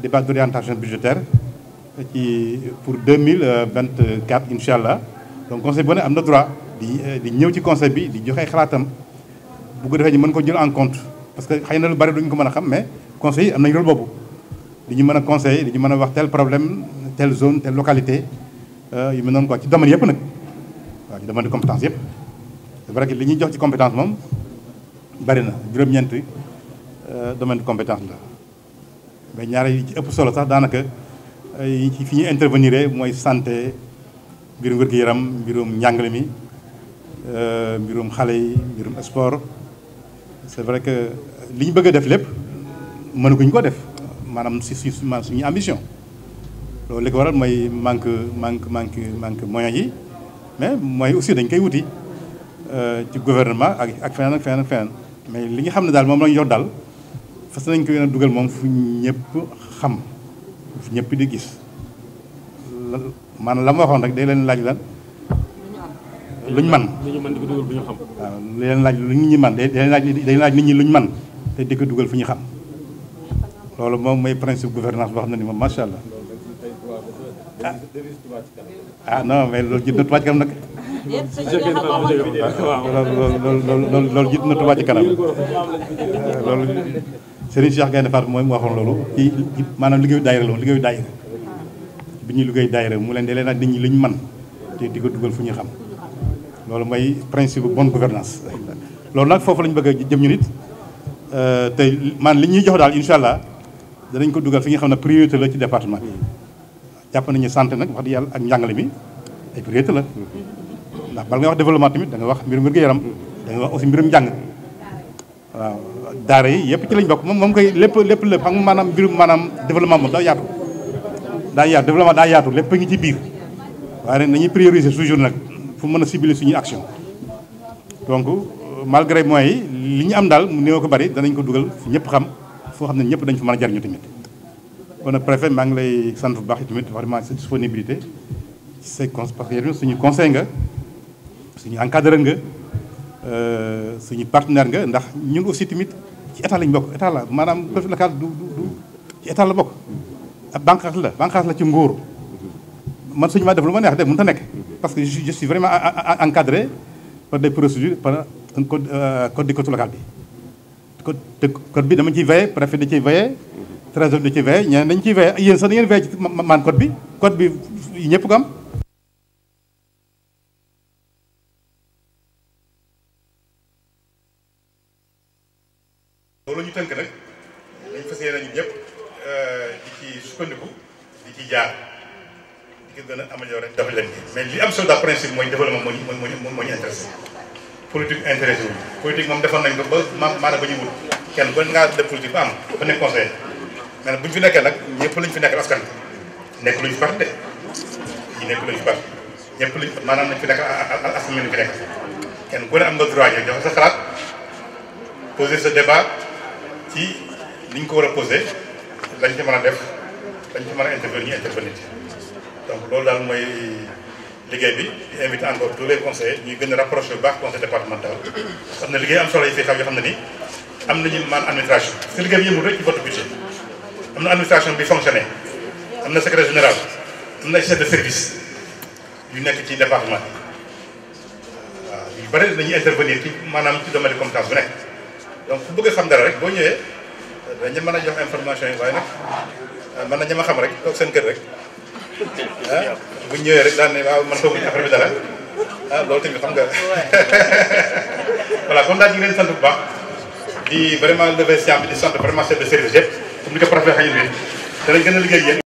débat d'orientation budgétaire ci pour deux mille 2024 incha allah donc conseil bu ne am na droit di euh, di ñëw ci conseil bi di joxe xalaatam bu ko defee ñu mën ko jël en compte parce que xëy na lu bari duñu ko mën a xam mais conseil yi am nañu rôle boobu di ñu mën a conseil di ñu mën a wax tel problème tel zone telle localité euh, yu mel noonu quoi ci domaine yëpp nag waaw ci domaine compétence yëpp c'est vrai que li ñuy jox ci compétence moom bari na juróom-ñeent euh, domaine de compétence la mais ñaare yi ci ëpp solo sax daanaka yi fi ñuy intervenir mooy sante mbirum wër gu yaram mbirum njàngale mi euh, mbirum xale yi mbirum sport c'est vrai que li ñu bëgg a def lépp mënaguñ ko def maanaam si si suñu ambition loolu li ko waral mooy manque manque manque manque moyens yi mais mooy aussi dañ koy wuti euh, ci gouvernement ak ak feneen ak feneen ak feneen mais li nga xam ne daal moom la ñu yor daal. fas nañ ko yéen a dugal moom fu ñëpp xam fu ñëpp di gis maanaam la waxoon rek day leen laaj la luñ man luñ man di xam. waaw day leen laaj lu nit ñi man day leen laaj day laaj nit ñi luñ man te di ko dugal fu ñu xam loolu moom mooy principe gouvernance boo xam ne ni moom macha allah. ah, ah non mais loolu jiit na Touba kanam nag. loolu loolu na Touba ci kanam loolu. Serigne Cheikh Gaynde Fatma mooy mu waxoon loolu ci maanaam liggéeyu daayira la woon liggéeyu daayira bi ñuy liggéey daayira mu leen de leen ak nit ñi li man te di ko dugal fu ñu xam loolu mooy principe bon gouvernance loolu nag foofu lañu bëgg a jëm ñu nit euh, te man li ñuy jox daal incha allah danañ ko dugal fi nga xam ne priorité la ci département bi jàpp nañu santé nag wax di yàlla ak njàngale mi ay priorité la ndax bal nga wax développement tamit da nga wax mbirum wér yaram da wax aussi mbirum njàng waaw daara yi yëpp ci lañ bokk moom moom koy lépp lépp lépp xam nga maanaam mbirum maanaam développement moom daa yaatu daa yaatu développement daa yaatu lépp ngi ci biir waaye nag nañuy toujours nag fu mën a cibler suñuy action donc euh, yi li ñu am daal mu néew ko bari danañ ko dugal fu ñëpp xam foo xam ne ñëpp dañ fa mën a jariñu tamit kon nag préfet maa ngi lay sant bu baax tamit vraiment sa disponibilité say cons parce que yow suñu conseil nga suñu encadré nga Euh, suñu partenaire nga ndax ñun aussi tamit ci état lañ bokk état la maanaam collectivité locale du du ci état la bokk ab la bànqaas la ci nguur man suñu ma def lu ma neex def mënut a nekk parce que je suis vraiment encadré par des procédures par un code euh, code du code bi code bi dama ciy veillé préfet da ciy veillé trésor da ciy veillé ñeneen dañ ciy veillé yéen sax da ngeen veillé ci man code bi code bi ñëpp ko am loolu ñu tënk nag ñu fas yéene ñun ñëpp euh, ci sukkandiku li ci jaar di ko gën a améliorer dafa leen gi mais li am solo daal principe mooy développement moo ñu moo moo ñu intéressé politique intéressé wu politique moom defoon nañ ko ba ma maanaam ba ñu wut kenn ba ngaa def politique ba am ba nekk conseil mais nag bu fi nekkee nag ñëpp lañu fi nekk askan nekk luñu parti de ñi nekk luñu parti ñëpp luñu maanaam nañ fi nekkal askan ñu fi nekk kenn ku ne am nga droit ñoom joxe sa xalaat ci ni ko war a posé lañ ci mën a def dañ ci man a intervenir intervenir donc loolu daal mooy liggéey bi di invité encore tous les conseillers ñuy gën a rapproché bu baax conseil départemental xam ne liggéey am solo yi fi xaw yoo xam ne ni am nañu maan administration parce que liggéey bi yëmul rek ci vote budget am na administration bi fonctionné am na secrétaire général am na chef de service yu nekk ci département waaw yu bëri dañuy intervenir ci maanaam ci domaine de donc ku bëggee xam dara rek boo ñëwee dañu mën a jox information yi waaye nag ah, mën na ñama xam rek toog seen kër rek ah, bu ñëwee rek daan ne waaw man xamuñ affaire bi dara ah loolu tamit xam nga voilà kon daal ñu ngi leen sant bu baax di vraiment lever siam bi di sant vraiment chef de service yëpp comme ni ko préfet xañul bi danañ gën a liggéey yéen